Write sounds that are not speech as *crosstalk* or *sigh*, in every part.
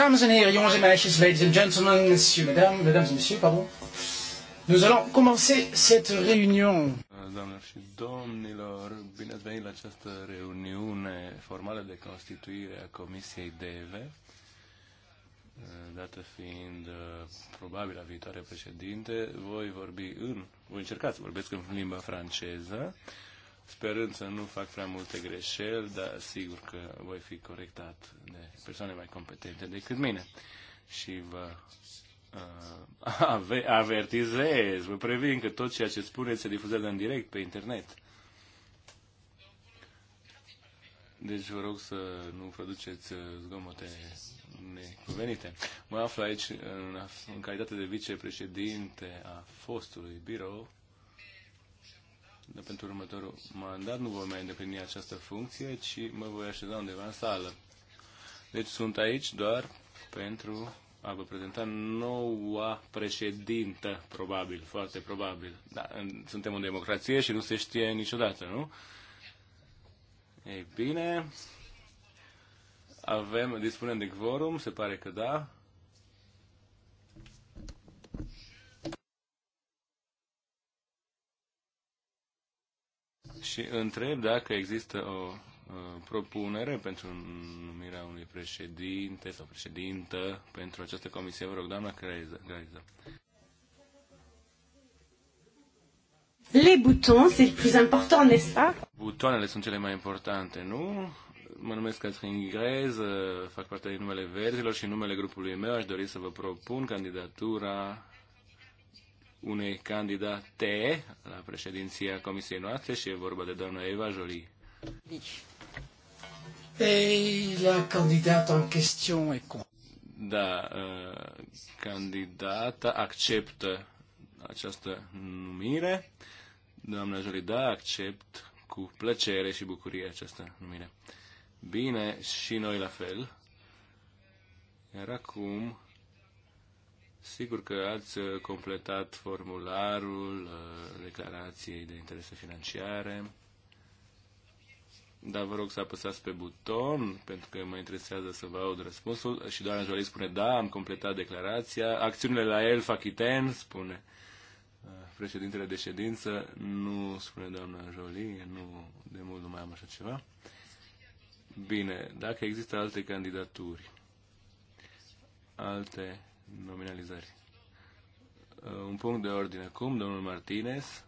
Dames en heren, jongens en meisjes, ladies and gentlemen, messieurs, mesdames, mesdames et messieurs, pardon. Nous allons commencer cette réunion. Doamnelor și domnilor, bine ați venit la această reuniune formală de constituire a Comisiei DEVE, dată fiind uh, probabil la viitoare președinte. Voi vorbi în, voi încercați să vorbesc în limba franceză. Uh, sperând să nu fac prea multe greșeli, dar sigur că voi fi corectat de persoane mai competente decât mine. Și vă uh, *laughs* avertizez, vă previn că tot ceea ce spuneți se difuzează în direct pe internet. Deci vă rog să nu produceți uh, zgomote necuvenite. Mă aflu aici în, în calitate de vicepreședinte a fostului birou pentru următorul mandat nu voi mai îndeplini această funcție, ci mă voi așeza undeva în sală. Deci sunt aici doar pentru a vă prezenta noua președintă, probabil, foarte probabil. Da, suntem o democrație și nu se știe niciodată, nu? Ei bine, avem, dispunem de quorum, se pare că da. și întreb dacă există o propunere pentru numirea unui președinte sau președintă pentru această comisie. Vă rog, doamna Graiză. Les boutons, c'est le plus important, n'est-ce pas? Butoanele sunt cele mai importante, nu? Mă numesc Catherine Grez, fac parte din numele Verzilor și numele grupului meu aș dori să vă propun candidatura unei candidate la președinția comisiei noastre și e vorba de doamna Eva Jolie. Deci. Ei, la candidată în chestiune e cum? Da, ă, candidata acceptă această numire. Doamna Jolie, da, accept cu plăcere și bucurie această numire. Bine, și noi la fel. Iar acum Sigur că ați uh, completat formularul uh, declarației de interese financiare, dar vă rog să apăsați pe buton, pentru că mă interesează să vă aud răspunsul. Și doamna Jolie spune, da, am completat declarația. Acțiunile la el fac iten, spune uh, președintele de ședință. Nu, spune doamna Jolie, nu, de mult nu mai am așa ceva. Bine, dacă există alte candidaturi, alte nominalizări. Uh, un punct de ordine acum, domnul Martinez.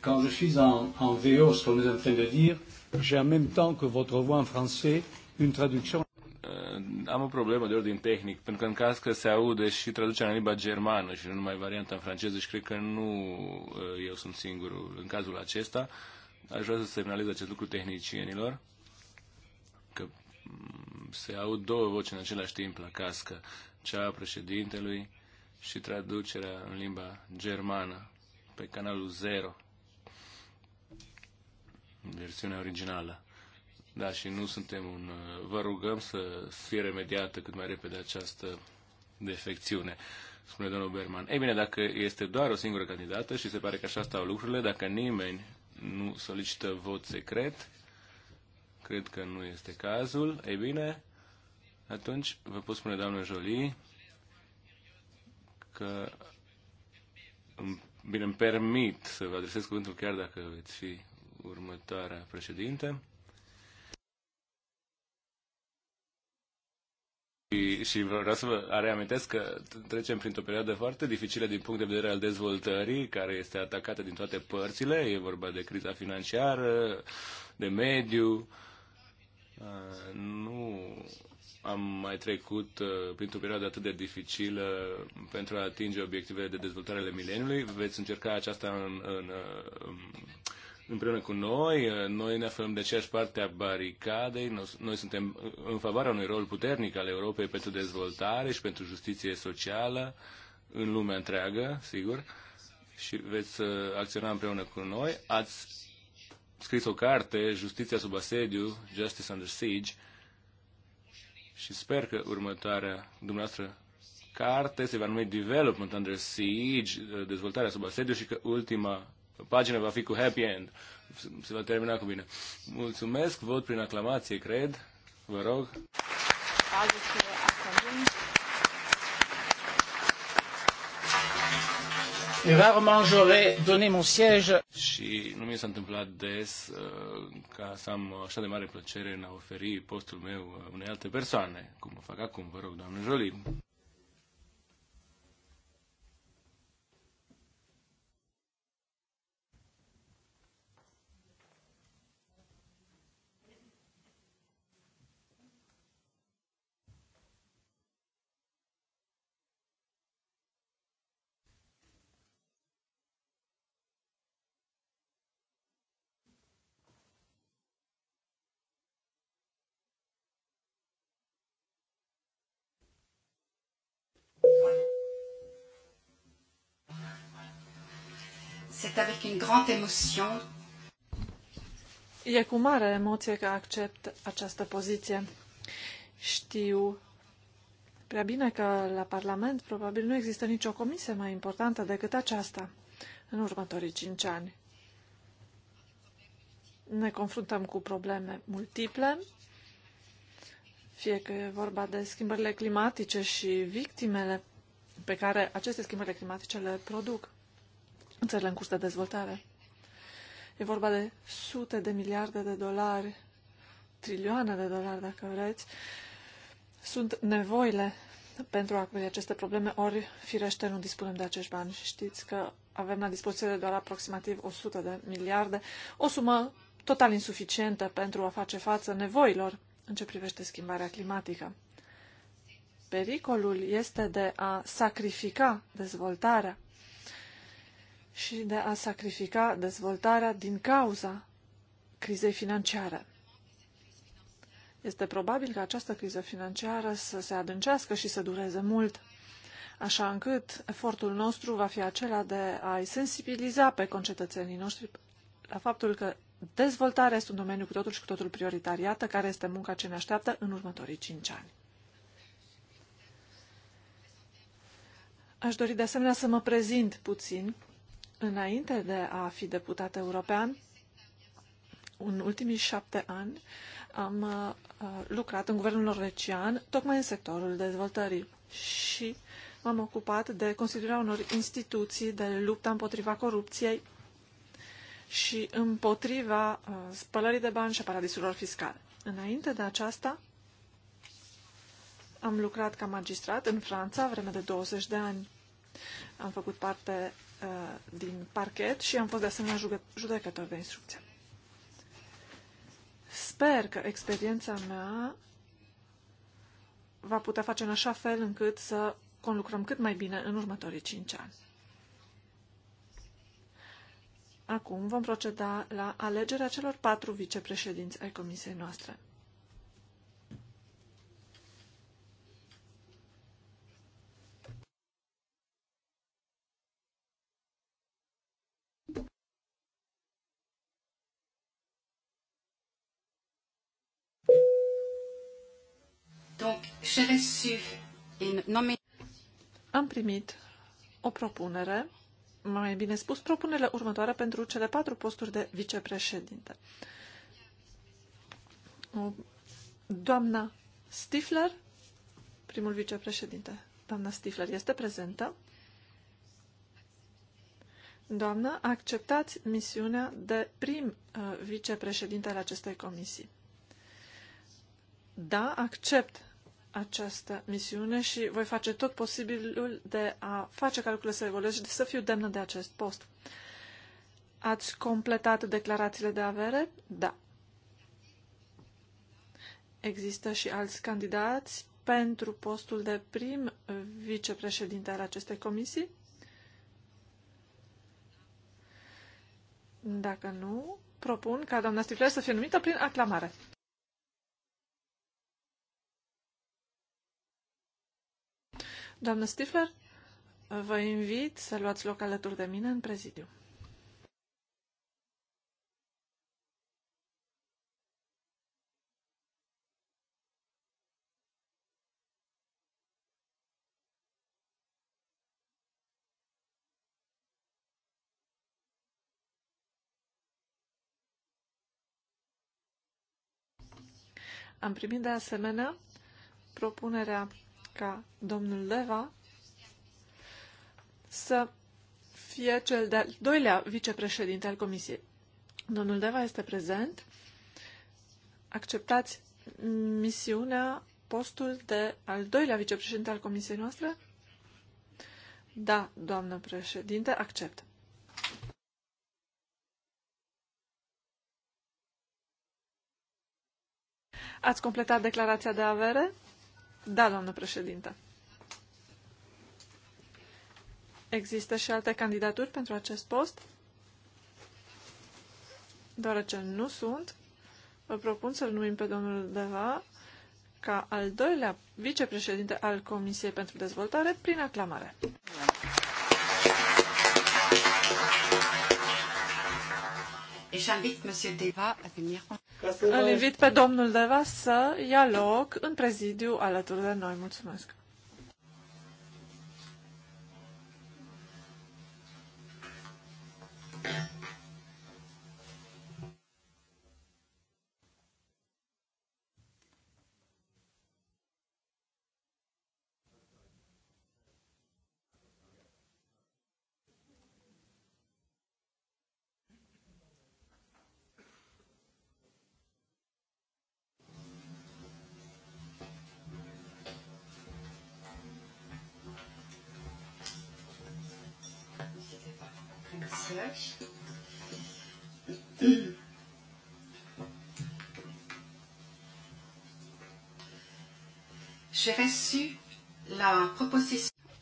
Quand je suis en, en VO, ce qu'on est en train de dire, j'ai en même temps que votre voix en français une traduction uh, am o problemă de ordin tehnic, pentru că în caz că se aude și traducerea în limba germană și nu numai varianta în franceză și cred că nu uh, eu sunt singurul în cazul acesta, aș vrea să semnalez acest lucru tehnicienilor, că se aud două voci în același timp la cască, cea a președintelui și traducerea în limba germană pe canalul 0, versiunea originală. Da, și nu suntem un... Vă rugăm să fie remediată cât mai repede această defecțiune, spune domnul Berman. Ei bine, dacă este doar o singură candidată și se pare că așa stau lucrurile, dacă nimeni nu solicită vot secret, Cred că nu este cazul. Ei bine, atunci vă pot spune, doamnă Jolie, că bine îmi permit să vă adresez cuvântul chiar dacă veți fi următoarea președinte. Și vreau să vă reamintesc că trecem printr-o perioadă foarte dificilă din punct de vedere al dezvoltării, care este atacată din toate părțile. E vorba de criza financiară, de mediu, nu am mai trecut uh, printr-o perioadă atât de dificilă pentru a atinge obiectivele de dezvoltare ale mileniului. Veți încerca aceasta în, în, uh, împreună cu noi. Noi ne aflăm de aceeași parte a baricadei. Noi suntem în favoarea unui rol puternic al Europei pentru dezvoltare și pentru justiție socială în lumea întreagă, sigur. Și veți uh, acționa împreună cu noi. Ați scris o carte, Justiția sub asediu, Justice Under Siege, și sper că următoarea dumneavoastră carte se va numi Development Under Siege, dezvoltarea sub asediu și că ultima pagină va fi cu happy end. Se va termina cu bine. Mulțumesc, vot prin aclamație, cred. Vă rog. Azi, rarement j'aurais donné mon siège. Și nu mi s-a întâmplat des uh, ca să am așa de mare plăcere în a oferi postul meu uh, unei alte persoane, cum o fac acum, vă rog, doamne Jolie. avec une grande émotion. E cu mare emoție că accept această poziție. Știu prea bine că la Parlament probabil nu există nicio comisie mai importantă decât aceasta în următorii cinci ani. Ne confruntăm cu probleme multiple, fie că e vorba de schimbările climatice și victimele pe care aceste schimbări climatice le produc în țările în curs de dezvoltare. E vorba de sute de miliarde de dolari, trilioane de dolari, dacă vreți. Sunt nevoile pentru a acoperi aceste probleme, ori, firește, nu dispunem de acești bani. Și știți că avem la dispoziție doar aproximativ 100 de miliarde, o sumă total insuficientă pentru a face față nevoilor în ce privește schimbarea climatică. Pericolul este de a sacrifica dezvoltarea și de a sacrifica dezvoltarea din cauza crizei financiare. Este probabil că această criză financiară să se adâncească și să dureze mult, așa încât efortul nostru va fi acela de a-i sensibiliza pe concetățenii noștri la faptul că dezvoltarea este un domeniu cu totul și cu totul prioritar. Iată care este munca ce ne așteaptă în următorii cinci ani. Aș dori de asemenea să mă prezint puțin Înainte de a fi deputat european, în ultimii șapte ani am uh, lucrat în guvernul norvegian, tocmai în sectorul dezvoltării și m-am ocupat de constituirea unor instituții de luptă împotriva corupției și împotriva uh, spălării de bani și a paradisurilor fiscale. Înainte de aceasta, am lucrat ca magistrat în Franța vreme de 20 de ani. Am făcut parte Uh, din parchet și am fost de asemenea judecător de instrucție. Sper că experiența mea va putea face în așa fel încât să conlucrăm cât mai bine în următorii cinci ani. Acum vom proceda la alegerea celor patru vicepreședinți ai comisiei noastre. Am primit o propunere, mai bine spus, propunerea următoare pentru cele patru posturi de vicepreședinte. Doamna Stifler, primul vicepreședinte. Doamna Stifler este prezentă. Doamnă, acceptați misiunea de prim uh, vicepreședinte al acestei comisii. Da, accept această misiune și voi face tot posibilul de a face calculele să evolueze și de să fiu demnă de acest post. Ați completat declarațiile de avere? Da. Există și alți candidați pentru postul de prim vicepreședinte al acestei comisii? Dacă nu, propun ca doamna Stifler să fie numită prin aclamare. Doamnă Stifler, vă invit să luați loc alături de mine în prezidiu. Am primit de asemenea propunerea ca domnul Leva să fie cel de-al doilea vicepreședinte al Comisiei. Domnul Deva este prezent. Acceptați misiunea, postul de al doilea vicepreședinte al Comisiei noastre? Da, doamnă președinte, accept. Ați completat declarația de avere? Da, doamnă președinte. Există și alte candidaturi pentru acest post? Deoarece nu sunt, vă propun să-l numim pe domnul Deva ca al doilea vicepreședinte al Comisiei pentru Dezvoltare prin aclamare. Yeah. Îl invit pe domnul Deva să ia loc în prezidiu alături de noi. Mulțumesc!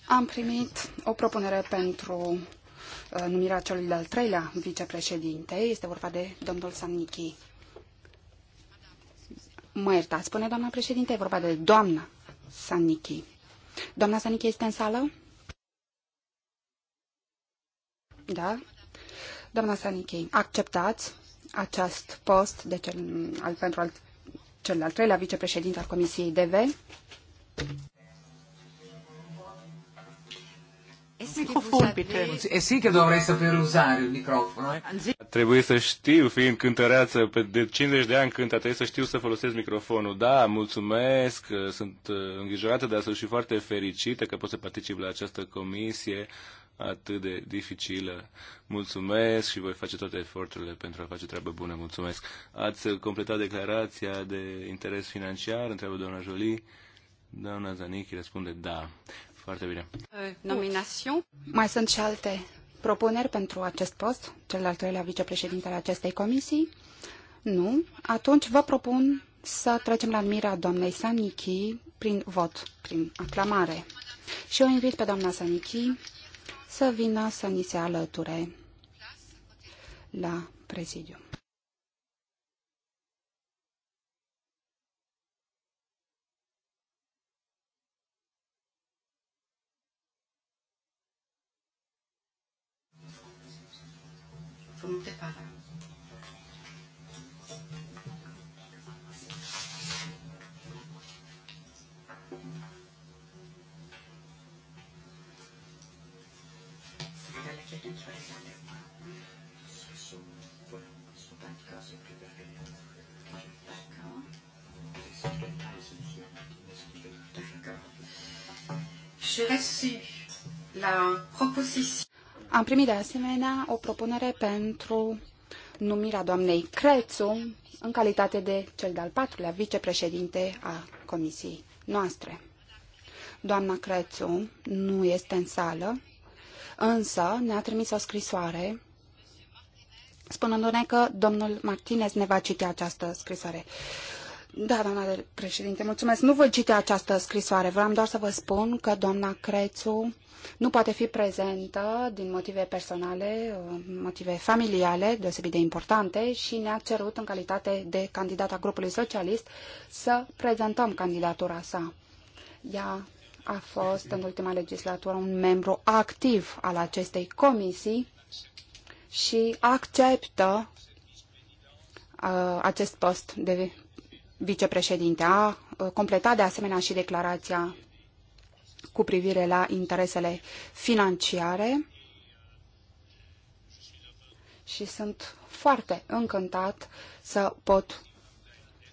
Am primit o propunere pentru uh, numirea celui de-al treilea vicepreședinte. Este vorba de domnul Samnichi. Mă iertați, spune doamna președinte, e vorba de doamna Sanichi. Doamna Sanichi este în sală? Da? Doamna Sanichi, acceptați acest post de cel, al, pentru al, cel al treilea vicepreședinte al Comisiei DV? Microfon, Peter. E sì che dovrei sapere usare il microfono. Eh? Trebuie să știu, fiind cântăreață de 50 de ani cântă, trebuie să știu să folosesc microfonul. Da, mulțumesc, uh, sunt uh, îngrijorată, dar sunt și foarte fericită că pot să particip la această comisie atât de dificilă. Mulțumesc și voi face toate eforturile pentru a face treabă bună. Mulțumesc. Ați completat declarația de interes financiar, întreabă doamna Jolie. Doamna Zanichi răspunde da. Foarte bine. Uh, nominațion. Mai sunt și alte propuneri pentru acest post, cel al doilea vicepreședinte al acestei comisii? Nu. Atunci vă propun să trecem la mira doamnei Sanichi prin vot, prin aclamare. Și o invit pe doamna Sanichi să vină să ni se alăture la prezidiu. minute, Pavel. je reçu la proposition am primit de asemenea o propunere pentru numirea doamnei Crețu în calitate de cel de-al patrulea vicepreședinte a comisiei noastre. Doamna Crețu nu este în sală, însă ne-a trimis o scrisoare spunându-ne că domnul Martinez ne va citi această scrisoare. Da, doamna președinte, mulțumesc. Nu voi citi această scrisoare. Vreau doar să vă spun că doamna Crețu nu poate fi prezentă din motive personale, motive familiale deosebit de importante și ne-a cerut în calitate de candidat a grupului socialist să prezentăm candidatura sa. Ea a fost în ultima legislatură un membru activ al acestei comisii și acceptă uh, acest post de vicepreședinte, a completat de asemenea și declarația cu privire la interesele financiare și sunt foarte încântat să pot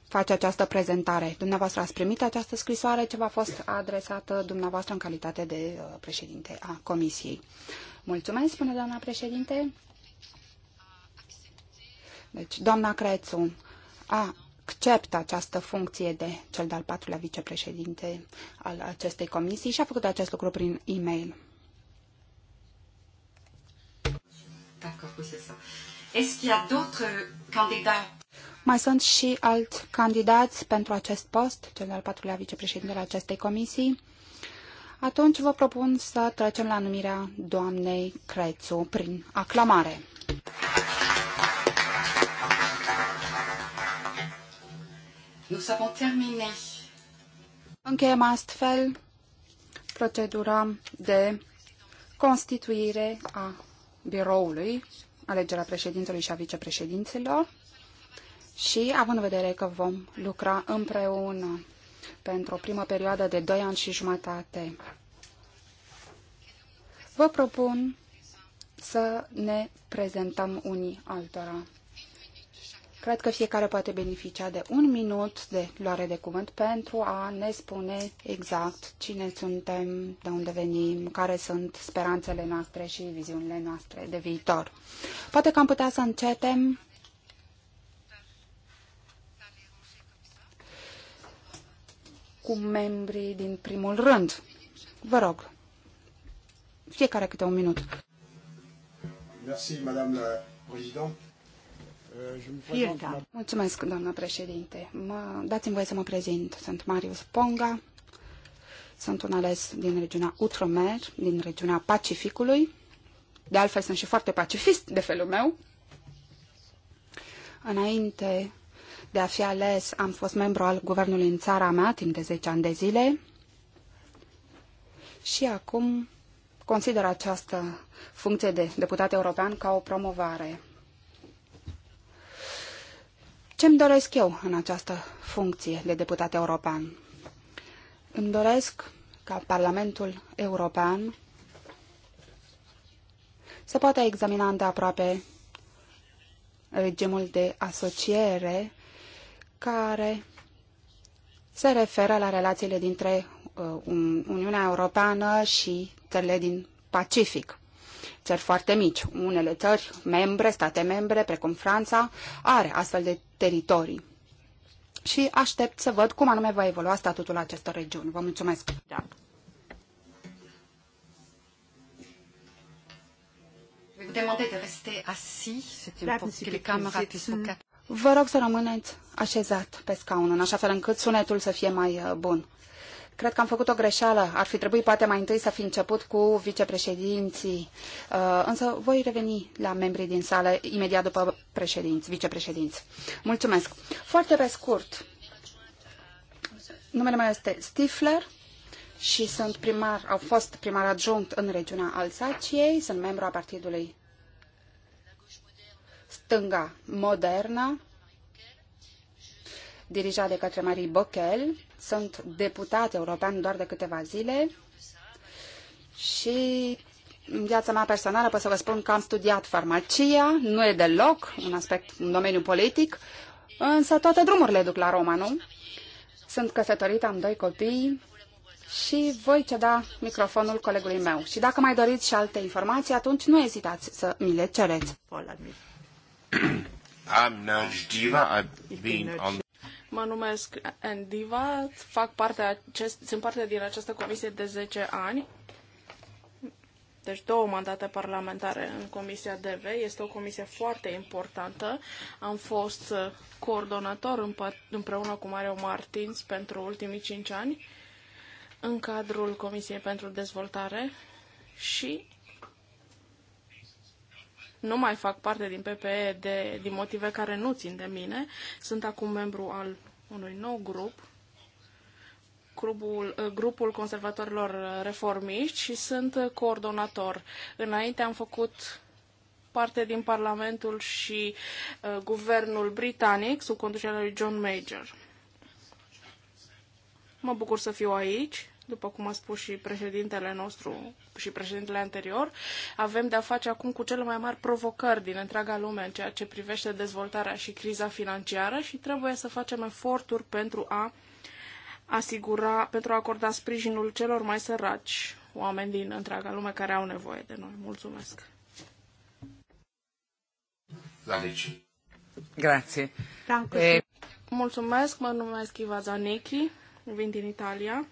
face această prezentare. Dumneavoastră ați primit această scrisoare ce v-a fost adresată dumneavoastră în calitate de președinte a Comisiei. Mulțumesc, spune doamna președinte. Deci, doamna Crețu a acceptă această funcție de cel de-al patrulea vicepreședinte al acestei comisii și a făcut acest lucru prin e-mail. Mai sunt și alți candidați pentru acest post, cel de-al patrulea vicepreședinte al acestei comisii. Atunci vă propun să trecem la numirea doamnei Crețu prin aclamare. Nous avons terminé. Încheiem astfel procedura de constituire a biroului, alegerea președintelui și a vicepreședinților și, având în vedere că vom lucra împreună pentru o primă perioadă de 2 ani și jumătate, vă propun să ne prezentăm unii altora. Cred că fiecare poate beneficia de un minut de luare de cuvânt pentru a ne spune exact cine suntem, de unde venim, care sunt speranțele noastre și viziunile noastre de viitor. Poate că am putea să începem cu membrii din primul rând. Vă rog, fiecare câte un minut. Merci, Madame la Présidente. Prezint... Mulțumesc, doamnă președinte. Mă... Dați-mi voie să mă prezint. Sunt Marius Ponga, sunt un ales din regiunea Utromer, din regiunea Pacificului. De altfel, sunt și foarte pacifist de felul meu. Înainte de a fi ales, am fost membru al guvernului în țara mea timp de 10 ani de zile și acum consider această funcție de deputat european ca o promovare. Ce-mi doresc eu în această funcție de deputat european? Îmi doresc ca Parlamentul European să poată examina îndeaproape regimul de asociere care se referă la relațiile dintre uh, Uniunea Europeană și țările din Pacific. Țări foarte mici. Unele țări membre, state membre, precum Franța, are astfel de teritorii. Și aștept să văd cum anume va evolua statutul acestor regiuni. Vă mulțumesc! Da. Vă rog să rămâneți așezat pe scaun, în așa fel încât sunetul să fie mai uh, bun. Cred că am făcut o greșeală. Ar fi trebuit poate mai întâi să fi început cu vicepreședinții. Uh, însă voi reveni la membrii din sală imediat după președinți, vicepreședinți. Mulțumesc. Foarte pe scurt. Numele meu este Stifler și sunt primar, au fost primar adjunct în regiunea Alsaciei, sunt membru a partidului Stânga Modernă, dirijat de către Marie Bochel. Sunt deputat european doar de câteva zile și în viața mea personală pot să vă spun că am studiat farmacia, nu e deloc un aspect, un domeniu politic, însă toate drumurile duc la Roma, nu? Sunt căsătorită, am doi copii și voi ceda microfonul colegului meu. Și dacă mai doriți și alte informații, atunci nu ezitați să mi le cereți. I'm *clears throat* no I've been on Mă numesc Endiva, fac parte acest, sunt parte din această comisie de 10 ani, deci două mandate parlamentare în Comisia DV. Este o comisie foarte importantă. Am fost uh, coordonator împreună cu Mario Martins pentru ultimii 5 ani în cadrul Comisiei pentru Dezvoltare și nu mai fac parte din PPE de, din motive care nu țin de mine. Sunt acum membru al unui nou grup, grupul, eh, grupul conservatorilor reformiști și sunt coordonator. Înainte am făcut parte din Parlamentul și uh, Guvernul Britanic sub conducerea lui John Major. Mă bucur să fiu aici după cum a spus și președintele nostru și președintele anterior, avem de-a face acum cu cele mai mari provocări din întreaga lume în ceea ce privește dezvoltarea și criza financiară și trebuie să facem eforturi pentru a asigura, pentru a acorda sprijinul celor mai săraci oameni din întreaga lume care au nevoie de noi. Mulțumesc! Zanici. Grazie. Da, eh, Mulțumesc, mă numesc Iva Zanichi, vin din Italia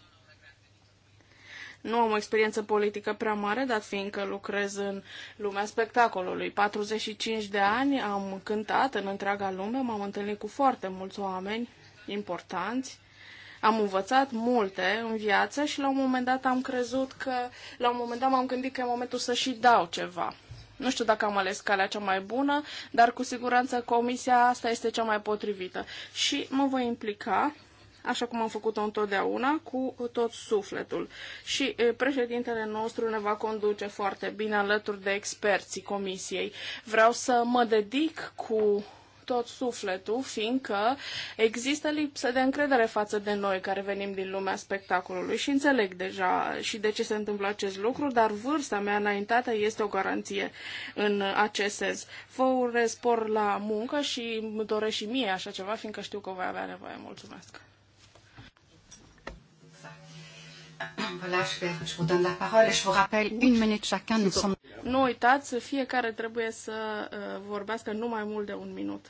nu am o experiență politică prea mare, dar fiindcă lucrez în lumea spectacolului. 45 de ani am cântat în întreaga lume, m-am întâlnit cu foarte mulți oameni importanți. Am învățat multe în viață și la un moment dat am crezut că, la un moment dat m-am gândit că e momentul să și dau ceva. Nu știu dacă am ales calea cea mai bună, dar cu siguranță comisia asta este cea mai potrivită. Și mă voi implica așa cum am făcut-o întotdeauna, cu tot sufletul. Și președintele nostru ne va conduce foarte bine alături de experții comisiei. Vreau să mă dedic cu tot sufletul, fiindcă există lipsă de încredere față de noi care venim din lumea spectacolului și înțeleg deja și de ce se întâmplă acest lucru, dar vârsta mea înaintată este o garanție în acest sens. Vă urez spor la muncă și doresc și mie așa ceva, fiindcă știu că voi avea nevoie. Mulțumesc! Voilà, je, vais, je vous donne la parole et je vous rappelle une minute chacun. Nous sommes... Nu uitați, fiecare trebuie să uh, vorbească nu mai mult de un minut.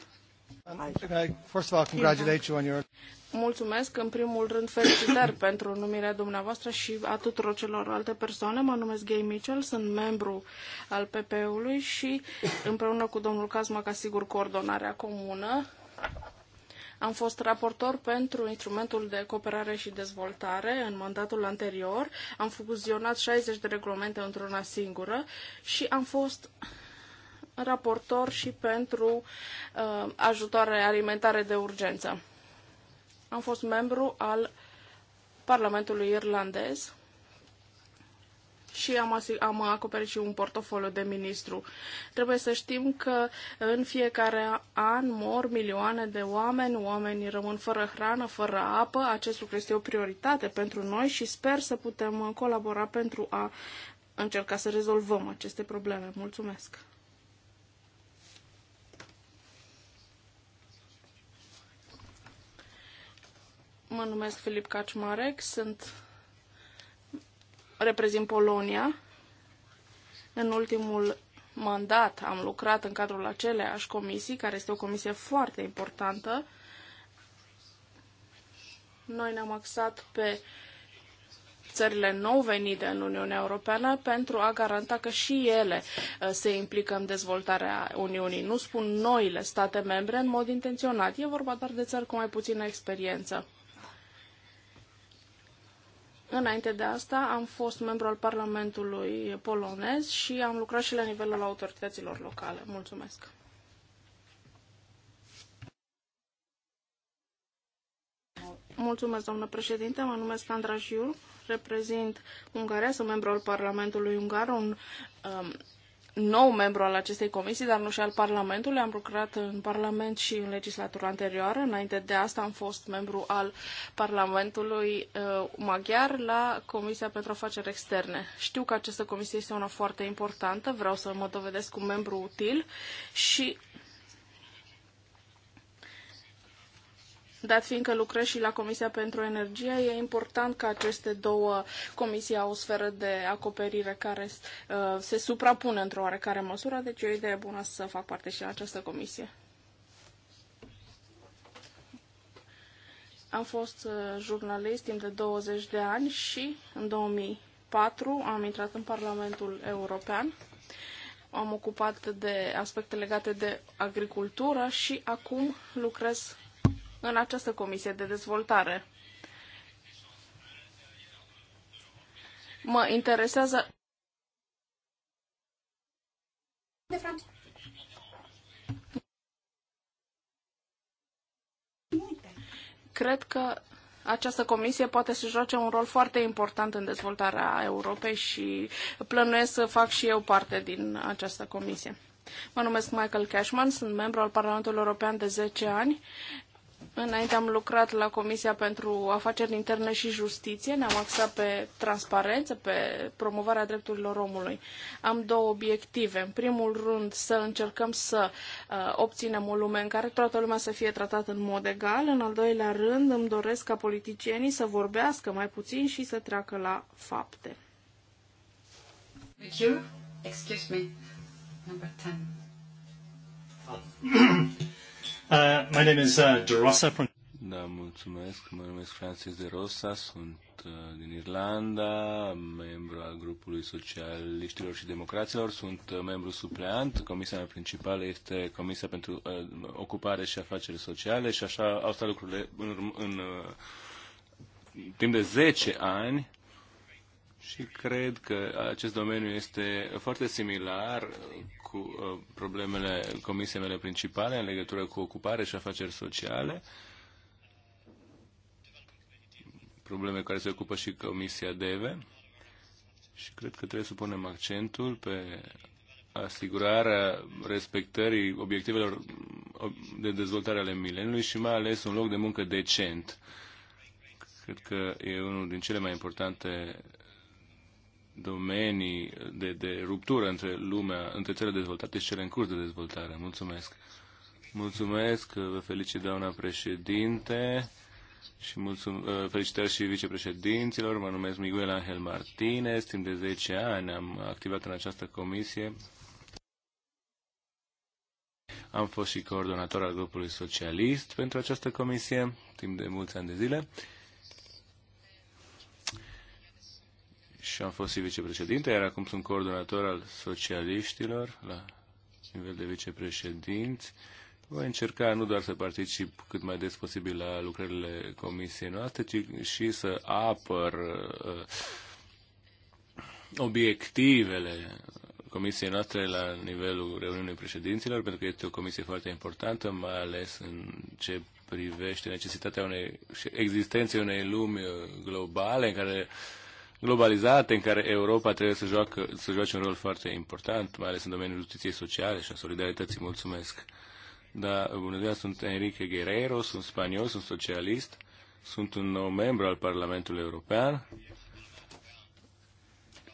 First of all, congratulate you on your... Mulțumesc, în primul rând, felicitări *coughs* pentru numirea dumneavoastră și a tuturor celor alte persoane. Mă numesc Gay Mitchell, sunt membru al PP-ului și împreună cu domnul Cazma, ca sigur, coordonarea comună. Am fost raportor pentru instrumentul de cooperare și dezvoltare în mandatul anterior, am fuzionat 60 de regulamente într-una singură și am fost raportor și pentru uh, ajutoare alimentare de urgență. Am fost membru al Parlamentului Irlandez și am, am acoperit și un portofoliu de ministru. Trebuie să știm că în fiecare an mor milioane de oameni, oamenii rămân fără hrană, fără apă. Acest lucru este o prioritate pentru noi și sper să putem colabora pentru a încerca să rezolvăm aceste probleme. Mulțumesc! Mă numesc Filip Cacmarec, sunt reprezint Polonia. În ultimul mandat am lucrat în cadrul aceleași comisii, care este o comisie foarte importantă. Noi ne-am axat pe țările nou venite în Uniunea Europeană pentru a garanta că și ele uh, se implică în dezvoltarea Uniunii. Nu spun noile state membre în mod intenționat, e vorba doar de țări cu mai puțină experiență. Înainte de asta am fost membru al Parlamentului polonez și am lucrat și la nivelul autorităților locale. Mulțumesc! Mulțumesc, doamnă președinte. Mă numesc Andra Jiu, reprezint Ungaria, sunt membru al Parlamentului Ungar, un um, nou membru al acestei comisii, dar nu și al Parlamentului. Am lucrat în Parlament și în legislatura anterioară. Înainte de asta am fost membru al Parlamentului uh, maghiar la Comisia pentru Afaceri Externe. Știu că această comisie este una foarte importantă, vreau să mă dovedesc un membru util și Dat fiindcă lucrez și la Comisia pentru Energie, e important ca aceste două comisii au o sferă de acoperire care uh, se suprapune într-o oarecare măsură, deci e o idee bună să fac parte și la această comisie. Am fost uh, jurnalist timp de 20 de ani și în 2004 am intrat în Parlamentul European. Am ocupat de aspecte legate de agricultură și acum lucrez în această comisie de dezvoltare. Mă interesează. De Cred că această comisie poate să joace un rol foarte important în dezvoltarea Europei și plănuiesc să fac și eu parte din această comisie. Mă numesc Michael Cashman, sunt membru al Parlamentului European de 10 ani Înainte am lucrat la Comisia pentru Afaceri Interne și Justiție, ne-am axat pe transparență, pe promovarea drepturilor omului. Am două obiective. În primul rând, să încercăm să uh, obținem o lume în care toată lumea să fie tratată în mod egal. În al doilea rând, îmi doresc ca politicienii să vorbească mai puțin și să treacă la fapte. Thank you. Excuse me. Number 10. *clears throat* *clears throat* Uh, my name is uh, De Rosa. Da, mulțumesc. Mă numesc Francis De Rosa, sunt uh, din Irlanda, membru al grupului socialiștilor și democraților, sunt uh, membru supleant. Comisia mea principală este Comisia pentru uh, Ocupare și Afaceri Sociale și așa au stat lucrurile în, în uh, timp de 10 ani. Și cred că acest domeniu este foarte similar cu uh, problemele, comisiei mele principale în legătură cu ocupare și afaceri sociale, probleme care se ocupă și Comisia DEVE și cred că trebuie să punem accentul pe asigurarea respectării obiectivelor de dezvoltare ale mileniului și mai ales un loc de muncă decent. Cred că e unul din cele mai importante domenii de, de ruptură între lumea, între cele dezvoltate și cele în curs de dezvoltare. Mulțumesc! Mulțumesc, vă felicit doamna președinte și mulțum, uh, felicitări și vicepreședinților. Mă numesc Miguel Angel Martinez, timp de 10 ani am activat în această comisie. Am fost și coordonator al grupului socialist pentru această comisie, timp de mulți ani de zile. și am fost și vicepreședinte, iar acum sunt coordonator al socialiștilor la nivel de vicepreședint. Voi încerca nu doar să particip cât mai des posibil la lucrările comisiei noastre, ci și să apăr uh, obiectivele comisiei noastre la nivelul reuniunii președinților, pentru că este o comisie foarte importantă, mai ales în ce privește necesitatea unei existenței unei lumi uh, globale în care uh, globalizate în care Europa trebuie să, joacă, să joace un rol foarte important, mai ales în domeniul justiției sociale și a solidarității. Mulțumesc! Da, bună ziua, sunt Enrique Guerrero, sunt spaniol, sunt socialist, sunt un nou membru al Parlamentului European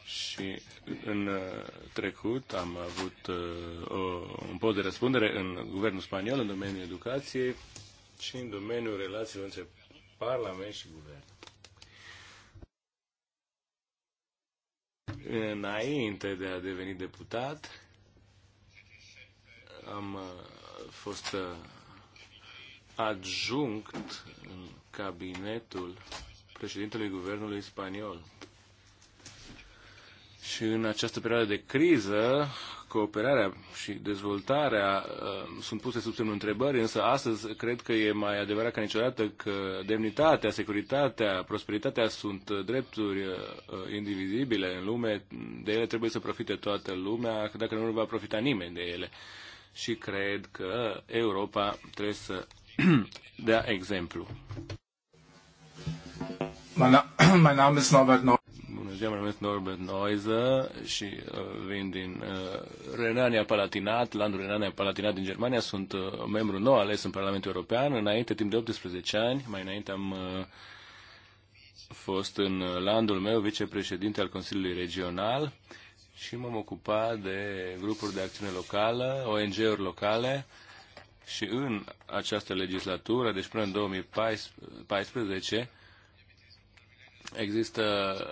și în uh, trecut am avut uh, o, un post de răspundere în guvernul spaniol, în domeniul educației și în domeniul relațiilor între Parlament și guvern. Înainte de a deveni deputat, am uh, fost uh, adjunct în cabinetul președintelui guvernului spaniol. Și în această perioadă de criză, cooperarea și dezvoltarea uh, sunt puse sub semnul întrebării, însă astăzi cred că e mai adevărat ca niciodată că demnitatea, securitatea, prosperitatea sunt drepturi uh, indivizibile în lume, de ele trebuie să profite toată lumea, că dacă nu, nu va profita nimeni de ele. Și cred că Europa trebuie să *clears throat* dea exemplu. Mein *clears throat* Name ist Norbert Neumann. Bună ziua, numesc Norbert Neuser și uh, vin din uh, Renania-Palatinat, landul Renania-Palatinat din Germania. Sunt uh, membru nou ales în Parlamentul European. Înainte, timp de 18 ani, mai înainte am uh, fost în uh, landul meu vicepreședinte al Consiliului Regional și m-am ocupat de grupuri de acțiune locală, ONG-uri locale și în această legislatură, deci până în 2014, există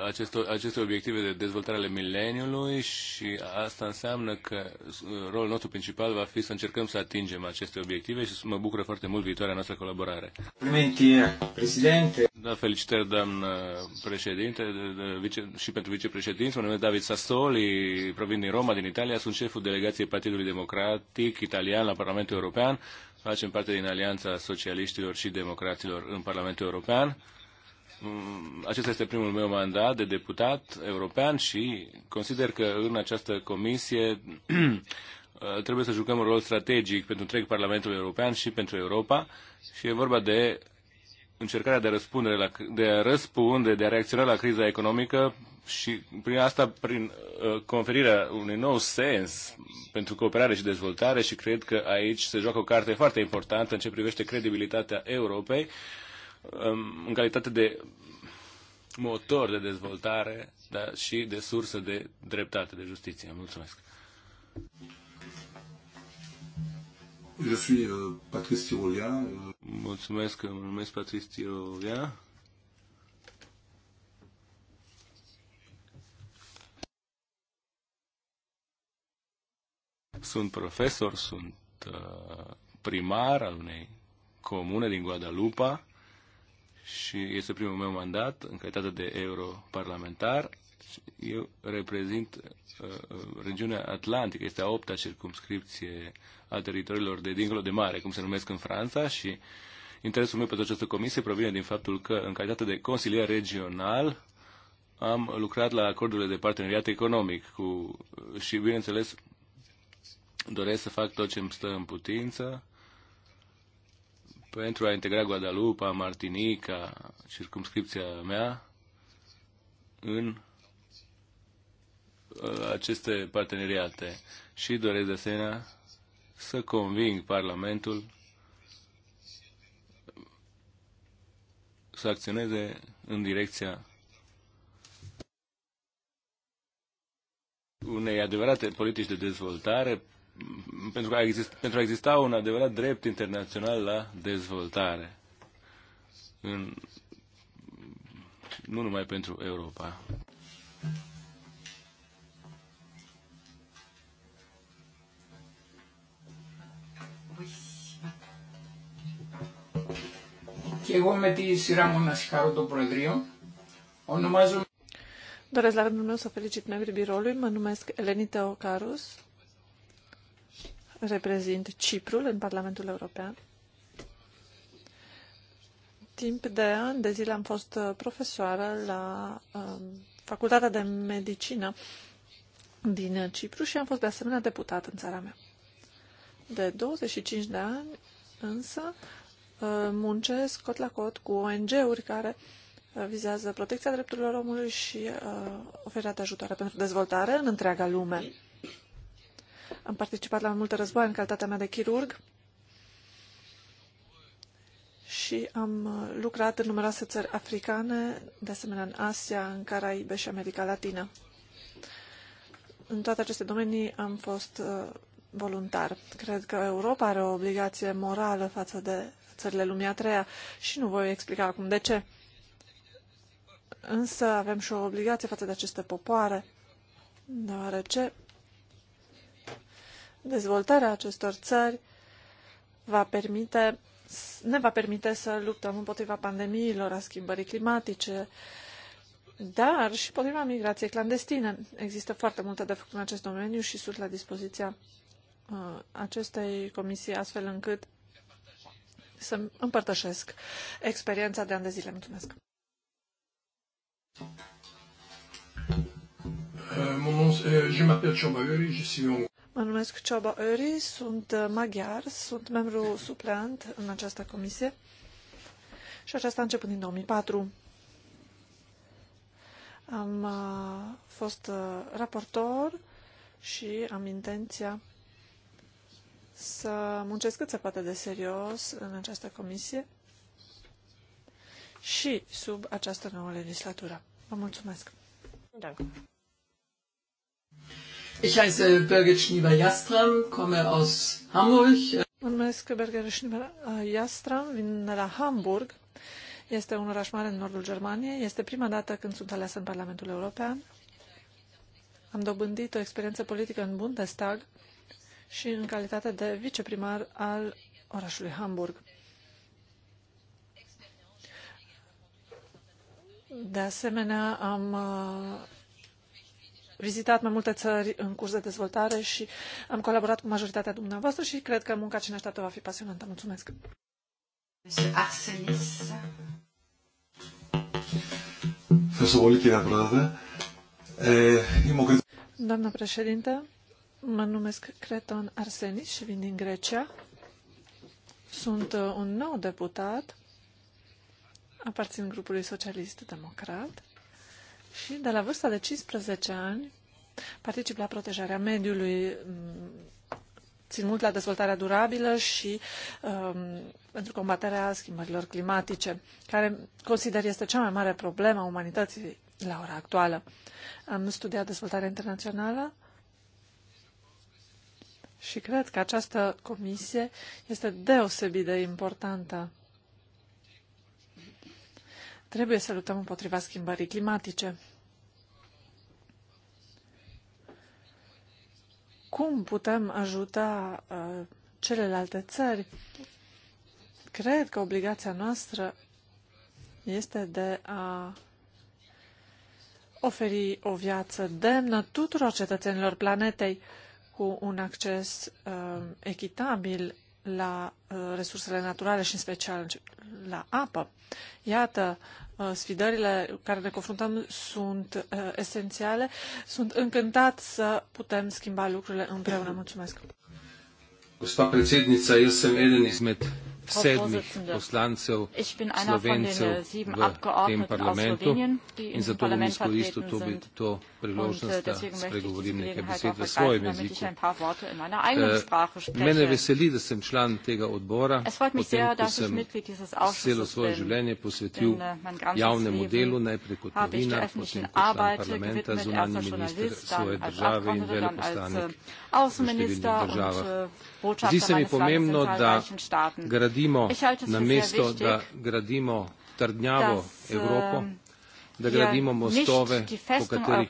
aceste, aceste obiective de dezvoltare ale mileniului și asta înseamnă că uh, rolul nostru principal va fi să încercăm să atingem aceste obiective și mă bucură foarte mult viitoarea noastră colaborare. președinte. Da, felicitări, doamnă președinte, de, de, vice, și pentru vicepreședinte. Mă numesc David Sassoli, provin din Roma, din Italia. Sunt șeful delegației Partidului Democratic Italian la Parlamentul European. Facem parte din Alianța Socialiștilor și Democraților în Parlamentul European Mm, acesta este primul meu mandat de deputat european și consider că în această comisie *clears throat* trebuie să jucăm un rol strategic pentru întreg Parlamentul European și pentru Europa și e vorba de încercarea de a răspunde, la, de a răspunde, de a reacționa la criza economică și prin asta, prin uh, conferirea unui nou sens pentru cooperare și dezvoltare și cred că aici se joacă o carte foarte importantă în ce privește credibilitatea Europei în calitate de motor de dezvoltare, dar și de sursă de dreptate, de justiție. Mulțumesc. Je suis euh, Patrice Tirolien. Euh. Mulțumesc mă numesc Patrice Tirolia. Sunt profesor, sunt uh, primar al unei comune din Guadalupe și este primul meu mandat în calitate de europarlamentar. Eu reprezint uh, uh, regiunea atlantică, este a opta circumscripție a teritoriilor de dincolo de mare, cum se numesc în Franța și interesul meu pentru această comisie provine din faptul că, în calitate de consilier regional, am lucrat la acordurile de parteneriat economic cu, uh, și, bineînțeles, doresc să fac tot ce îmi stă în putință pentru a integra Guadalupa, Martinica, circumscripția mea, în uh, aceste parteneriate. Și doresc de asemenea să conving Parlamentul să acționeze în direcția unei adevărate politici de dezvoltare pentru, a exist, pentru a exista un adevărat drept internațional la dezvoltare. În, nu numai pentru Europa. Και εγώ με τη σειρά μου να συγχαρώ το Προεδρείο. Ονομάζομαι... Doresc la rândul meu să felicit membrii biroului. Mă numesc Elenita Ocarus reprezint Ciprul în Parlamentul European. Timp de ani de zile am fost uh, profesoară la uh, Facultatea de Medicină din Cipru și am fost de asemenea deputat în țara mea. De 25 de ani însă uh, muncesc cot la cot cu ONG-uri care uh, vizează protecția drepturilor omului și oferirea de ajutoare pentru dezvoltare în întreaga lume. Am participat la multe războaie în calitatea mea de chirurg și am uh, lucrat în numeroase țări africane, de asemenea în Asia, în Caraibe și America Latină. În toate aceste domenii am fost uh, voluntar. Cred că Europa are o obligație morală față de țările lumii a treia și nu voi explica acum de ce. Însă avem și o obligație față de aceste popoare, deoarece Dezvoltarea acestor țări va permite, ne va permite să luptăm împotriva pandemiilor, a schimbării climatice, dar și împotriva migrației clandestine. Există foarte multe de făcut în acest domeniu și sunt la dispoziția uh, acestei comisii, astfel încât să împărtășesc experiența de ani de zile. Mulțumesc! Uh, mon nom, je m'appelle Jean je suis en Mă numesc Cioba Öri, sunt uh, maghiar, sunt membru supleant în această comisie și aceasta începând din 2004. Am uh, fost uh, raportor și am intenția să muncesc cât se poate de serios în această comisie și sub această nouă legislatură. Vă mulțumesc! Da. Ich heiße Birgit Schnieber-Jastram, komme aus Hamburg. Mă numesc Birgit Schnieber-Jastram, vin de la Hamburg. Este un oraș mare în nordul Germaniei. Este prima dată când sunt aleasă în Parlamentul European. Am dobândit o experiență politică în Bundestag și în calitate de viceprimar al orașului Hamburg. De asemenea, am uh, vizitat mai multe țări în curs de dezvoltare și am colaborat cu majoritatea dumneavoastră și cred că munca cine așteaptă va fi pasionantă. Mulțumesc! Arsenis. Da? Doamna președinte, mă numesc Creton Arsenis și vin din Grecia. Sunt uh, un nou deputat, aparțin grupului socialist-democrat și de la vârsta de 15 ani Particip la protejarea mediului, mm, țin mult la dezvoltarea durabilă și um, pentru combaterea schimbărilor climatice, care consider este cea mai mare problemă a umanității la ora actuală. Am studiat dezvoltarea internațională și cred că această comisie este deosebit de importantă. Trebuie să luptăm împotriva schimbării climatice. cum putem ajuta uh, celelalte țări, cred că obligația noastră este de a oferi o viață demnă tuturor cetățenilor planetei cu un acces uh, echitabil la uh, resursele naturale și în special la apă. Iată, uh, sfidările care ne confruntăm sunt uh, esențiale. Sunt încântat să putem schimba lucrurile împreună. Mulțumesc! Gospa predsednica, jaz sem eden izmed sedmih poslancev Slovencev v tem parlamentu in zato bom izkoristil to, to priložnost, äh, da spregovorim nekaj besed v svojem jeziku. Äh, mene veseli, da sem član tega odbora, potem, ko sem celo svoje življenje posvetil äh, javnemu delu, najprej kot novinar, potem kot član parlamenta, zunanji minister svoje države in veleposlanik v številnih državah. Zdi se mi pomembno, da gradimo gradimo namesto, da gradimo trdnjavo eh, Evropo, da gradimo mostove, po katerih.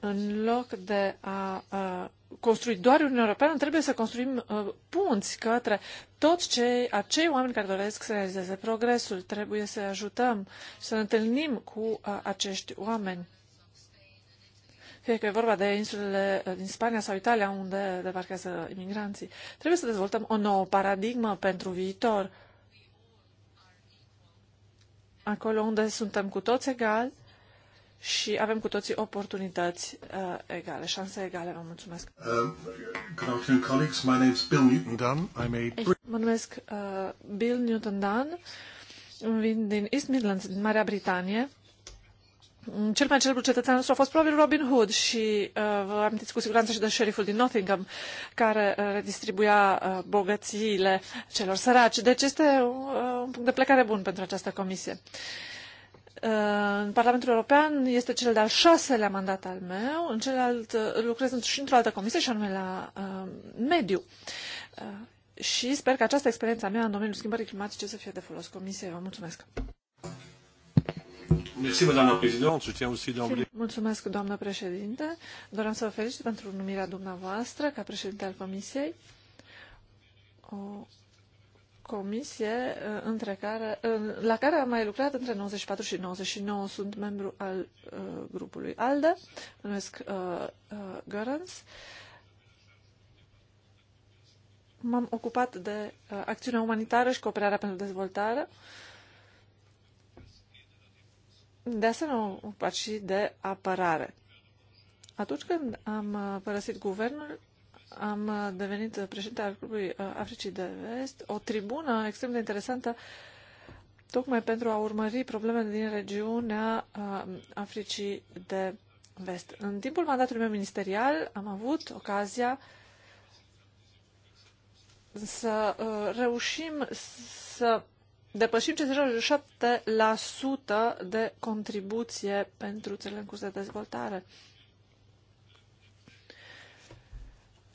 În eh, loc de a, a construi doar Uniunea Europeană, trebuie să construim uh, punți către toți cei, acei oameni care doresc să realizeze progresul. Trebuie să ajutăm, să ne întâlnim cu uh, acești oameni fie că e vorba de insulele eh, din Spania sau Italia, unde debarchează imigranții. Trebuie să dezvoltăm o nouă paradigmă pentru viitor. Acolo unde suntem cu toți egali și avem cu toții oportunități uh, egale, șanse egale. Vă mulțumesc. Uh, good afternoon, colleagues. My Bill Newton Dunn. I'm a... Mă numesc uh, Bill Newton Dunn. Vin din East Midlands, din Marea Britanie Mm, cel mai celebru cetățean nostru a fost probabil Robin Hood și uh, vă amintiți cu siguranță și de șeriful din Nottingham care uh, redistribuia uh, bogățiile celor săraci. Deci este uh, un punct de plecare bun pentru această comisie. Uh, în Parlamentul European este cel de-al șaselea mandat al meu, în celălalt uh, lucrez și într-o altă comisie și anume la uh, mediu. Uh, și sper că această experiență a mea în domeniul schimbării climatice să fie de folos comisiei. Vă mulțumesc! Mulțumesc, doamnă președinte. Doream să vă felicit pentru numirea dumneavoastră ca președinte al Comisiei. O comisie uh, între care, uh, la care am mai lucrat între 94 și 99. Sunt membru al uh, grupului ALDE, mă numesc uh, uh, M-am ocupat de uh, acțiunea umanitară și cooperarea pentru dezvoltare. Uh, de asemenea ocupat și de apărare. Atunci când am părăsit guvernul, am devenit președinte al Clubului uh, Africii de Vest, o tribună extrem de interesantă tocmai pentru a urmări problemele din regiunea uh, Africii de Vest. În timpul mandatului meu ministerial am avut ocazia să uh, reușim să depășim 57% de contribuție pentru țările în curs de dezvoltare.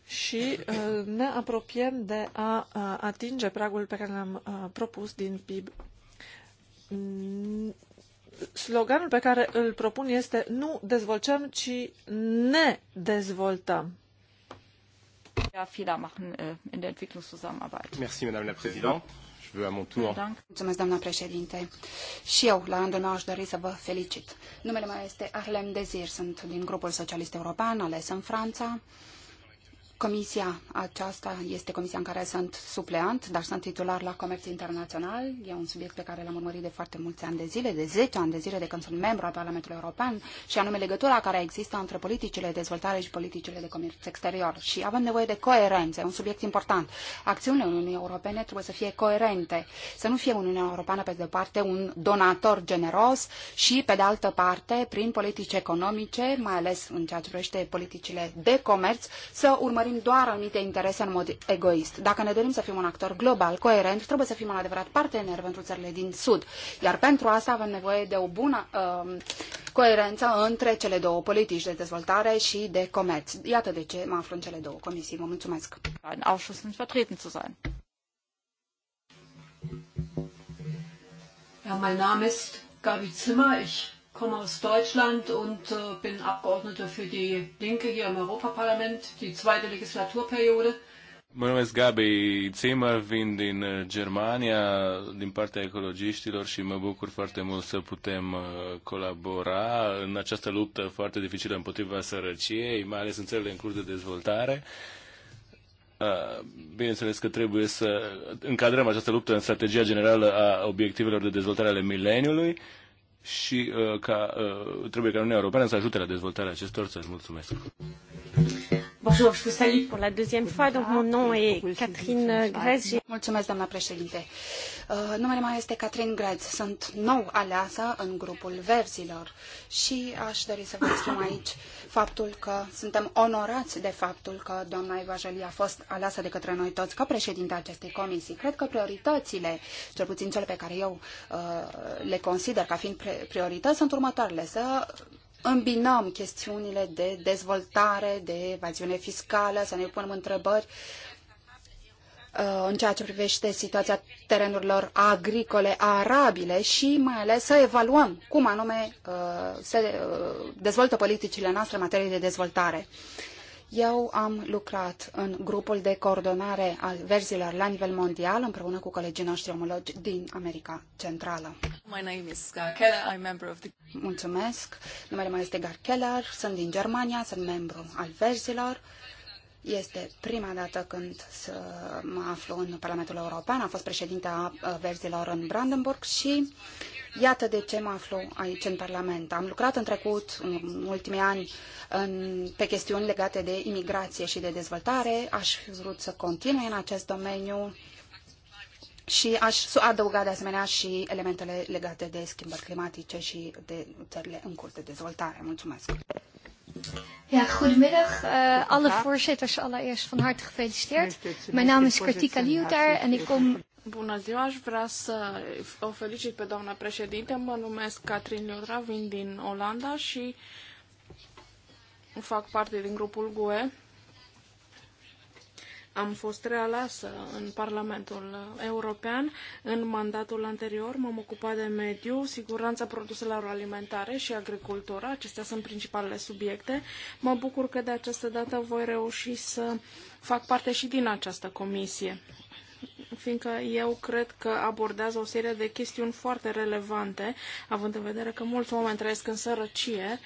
Și uh, ne apropiem de a uh, atinge pragul pe care l-am uh, propus din PIB. Sloganul pe care îl propun este nu dezvoltăm, ci ne dezvoltăm. Äh, madame la Présidente. Mulțumesc, doamna președinte. Și eu, la rândul meu, aș dori să vă felicit. Numele meu este Arlem Dezir, sunt din grupul socialist european, ales în Franța. Comisia aceasta este comisia în care sunt supleant, dar sunt titular la Comerț Internațional. E un subiect pe care l-am urmărit de foarte mulți ani de zile, de 10 ani de zile de când sunt membru al Parlamentului European, și anume legătura care există între politicile de dezvoltare și politicile de comerț exterior. Și avem nevoie de coerență, un subiect important. Acțiunile Uniunii Europene trebuie să fie coerente, să nu fie Uniunea Europeană, pe de o parte, un donator generos și, pe de altă parte, prin politici economice, mai ales în ceea ce privește politicile de comerț, să urmărim urmărim doar anumite interese în mod egoist. Dacă ne dorim să fim un actor global, coerent, trebuie să fim un adevărat partener pentru țările din Sud. Iar pentru asta avem nevoie de o bună uh, coerență între cele două politici de dezvoltare și de comerț. Iată de ce mă aflu în cele două comisii. Vă mulțumesc! Ja, mein Name ist Gabi Zimmer. Ich komme aus Deutschland und äh, bin Abgeordnete für die Linke hier im Europaparlament, die zweite Legislaturperiode. Mă numesc Gabi Zimmer, vin din uh, Germania, din partea ecologiștilor și mă bucur foarte mult să putem uh, colabora în această luptă foarte dificilă împotriva sărăciei, mai ales în țările în curs de dezvoltare. Uh, bineînțeles că trebuie să încadrăm această luptă în strategia generală a obiectivelor de dezvoltare ale mileniului și uh, ca, uh, trebuie ca Uniunea Europeană să ajute la dezvoltarea acestor țări. Mulțumesc! Bonjour, je vous salue pour la deuxième fois. Donc, mon nom est Catherine Grez. Mulțumesc, doamna președinte. Uh, numele meu este Catherine Grez. Sunt nou aleasă în grupul verzilor și aș dori să vă spun aici faptul că suntem onorați de faptul că doamna Eva Jolie a fost aleasă de către noi toți ca președinte acestei comisii. Cred că prioritățile, cel puțin cele pe care eu uh, le consider ca fiind priorități, sunt următoarele. Să îmbinăm chestiunile de dezvoltare, de evaziune fiscală, să ne punem întrebări uh, în ceea ce privește situația terenurilor agricole arabile și mai ales să evaluăm cum anume uh, se uh, dezvoltă politicile noastre în materie de dezvoltare. Eu am lucrat în grupul de coordonare al verzilor la nivel mondial împreună cu colegii noștri omologi din America Centrală. My name is Keller. I'm member of the... Mulțumesc. Numele meu este Gar Keller. Sunt din Germania, sunt membru al verzilor. Este prima dată când mă aflu în Parlamentul European, am fost președinte a uh, Verzilor în Brandenburg și iată de ce mă aflu aici în Parlament. Am lucrat în trecut, în ultimii ani, în, pe chestiuni legate de imigrație și de dezvoltare. Aș fi vrut să continui în acest domeniu și aș adăuga de asemenea și elementele legate de schimbări climatice și de țările în curs de dezvoltare. Mulțumesc! Ja, goedemiddag uh, alle voorzitters. Allereerst van harte gefeliciteerd. Mijn naam is Kartika Liutar en ik kom... Bună ziua, aș vrea să o felicit pe doamna președinte. Mă numesc Catrin Liotra, vin din Olanda și fac parte din grupul GUE. Am fost realasă în Parlamentul European. În mandatul anterior m-am ocupat de mediu, siguranța produselor alimentare și agricultura. Acestea sunt principalele subiecte. Mă bucur că de această dată voi reuși să fac parte și din această comisie fiindcă eu cred că abordează o serie de chestiuni foarte relevante, având în vedere că mulți oameni trăiesc în sărăcie,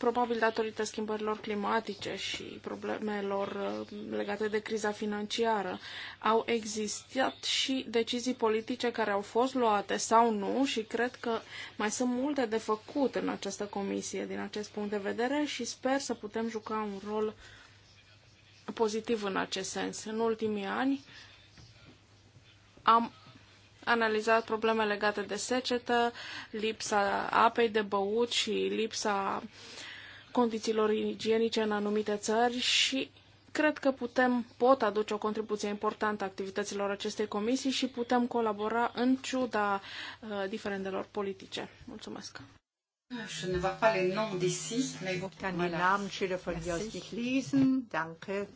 probabil datorită schimbărilor climatice și problemelor uh, legate de criza financiară, au existat și decizii politice care au fost luate sau nu și cred că mai sunt multe de făcut în această comisie din acest punct de vedere și sper să putem juca un rol pozitiv în acest sens. În ultimii ani am analizat probleme legate de secetă, lipsa apei de băut și lipsa uh, condițiilor igienice în anumite țări și cred că putem, pot aduce o contribuție importantă activităților acestei comisii și putem colabora în ciuda uh, diferendelor politice. Mulțumesc! Je ne vois pas les noms d'ici, mais bon. Kann die Namen schilder von dir nicht lesen. Danke.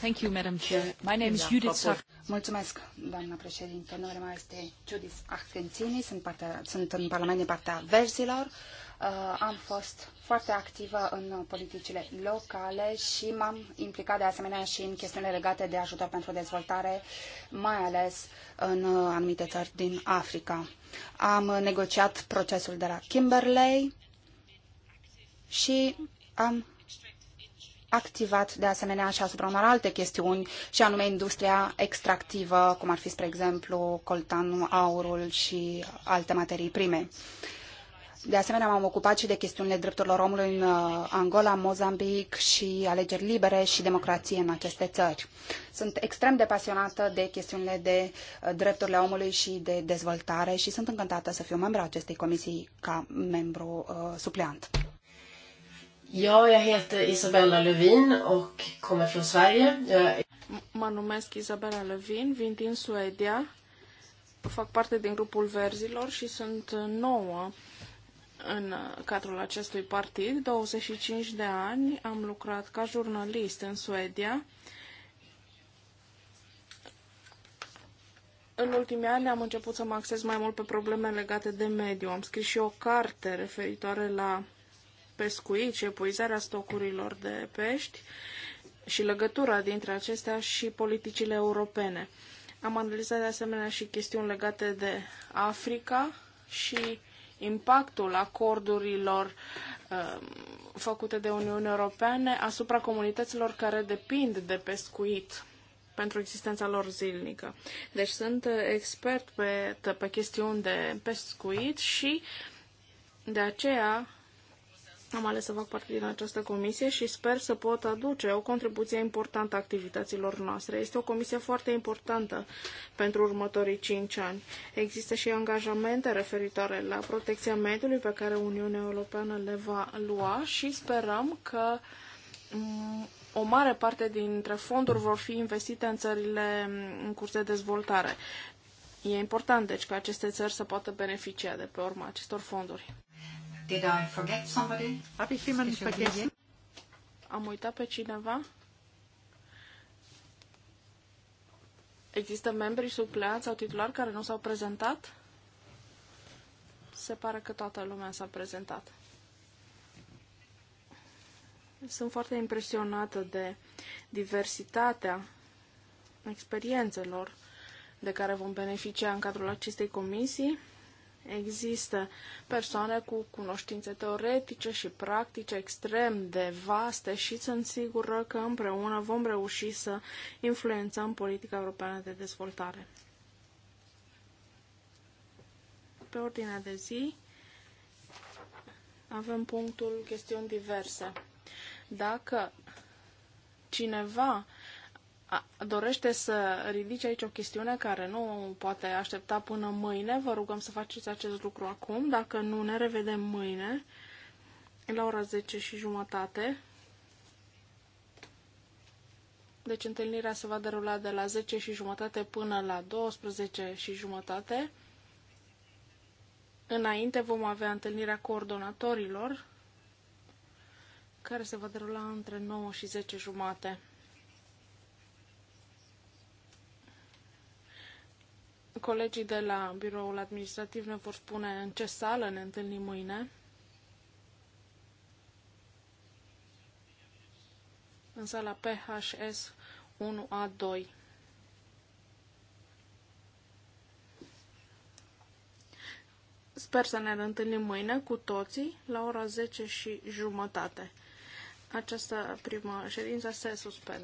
Thank you, Madam Chair. My name is da, Judith Sach. Mulțumesc, doamna președinte. Numele meu este Judith Argentini, sunt, partea, sunt în Parlament din partea verzilor. Uh, am fost foarte activă în politicile locale și m-am implicat de asemenea și în chestiunile legate de ajutor pentru dezvoltare, mai ales în uh, anumite țări din Africa. Am negociat procesul de la Kimberley și am activat de asemenea și asupra unor alte chestiuni, și anume industria extractivă, cum ar fi, spre exemplu, coltanul, aurul și alte materii prime. De asemenea, m-am ocupat și de chestiunile drepturilor omului în uh, Angola, Mozambic și alegeri libere și democrație în aceste țări. Sunt extrem de pasionată de chestiunile de uh, drepturile omului și de dezvoltare și sunt încântată să fiu membru acestei comisii ca membru uh, supleant. Ja, jag heter Isabella Lövin och kommer från Sverige. Jag... Mă numesc Isabella Lövin, vin din Suedia, fac parte din grupul Verzilor și sunt nouă în cadrul acestui partid. 25 de ani am lucrat ca jurnalist în Suedia. În ultimii ani am început să mă axez mai mult pe probleme legate de mediu. Am scris și o carte referitoare la pescuit și epuizarea stocurilor de pești și legătura dintre acestea și politicile europene. Am analizat de asemenea și chestiuni legate de Africa și impactul acordurilor uh, făcute de Uniunea Europeană asupra comunităților care depind de pescuit pentru existența lor zilnică. Deci sunt uh, expert pe, pe chestiuni de pescuit și de aceea am ales să fac parte din această comisie și sper să pot aduce o contribuție importantă a activităților noastre. Este o comisie foarte importantă pentru următorii cinci ani. Există și angajamente referitoare la protecția mediului pe care Uniunea Europeană le va lua și sperăm că mm, o mare parte dintre fonduri vor fi investite în țările în curs de dezvoltare. E important, deci, ca aceste țări să poată beneficia de pe urma acestor fonduri. Did I forget somebody? Habe ich jemanden er vergessen? Am uitat pe cineva? Există membri supleați sau titulari care nu s-au prezentat? Se pare că toată lumea s-a prezentat. Sunt foarte impresionată de diversitatea experiențelor de care vom beneficia în cadrul acestei comisii. Există persoane cu cunoștințe teoretice și practice extrem de vaste și sunt sigură că împreună vom reuși să influențăm politica europeană de dezvoltare. Pe ordinea de zi avem punctul chestiuni diverse. Dacă cineva dorește să ridice aici o chestiune care nu poate aștepta până mâine. Vă rugăm să faceți acest lucru acum. Dacă nu, ne revedem mâine la ora 10 și jumătate. Deci întâlnirea se va derula de la 10 și jumătate până la 12 și jumătate. Înainte vom avea întâlnirea coordonatorilor, care se va derula între 9 și 10 jumate. Colegii de la biroul administrativ ne vor spune în ce sală ne întâlnim mâine. În sala PHS 1A2. Sper să ne întâlnim mâine cu toții la ora 10 și jumătate. Această primă ședință se suspendă.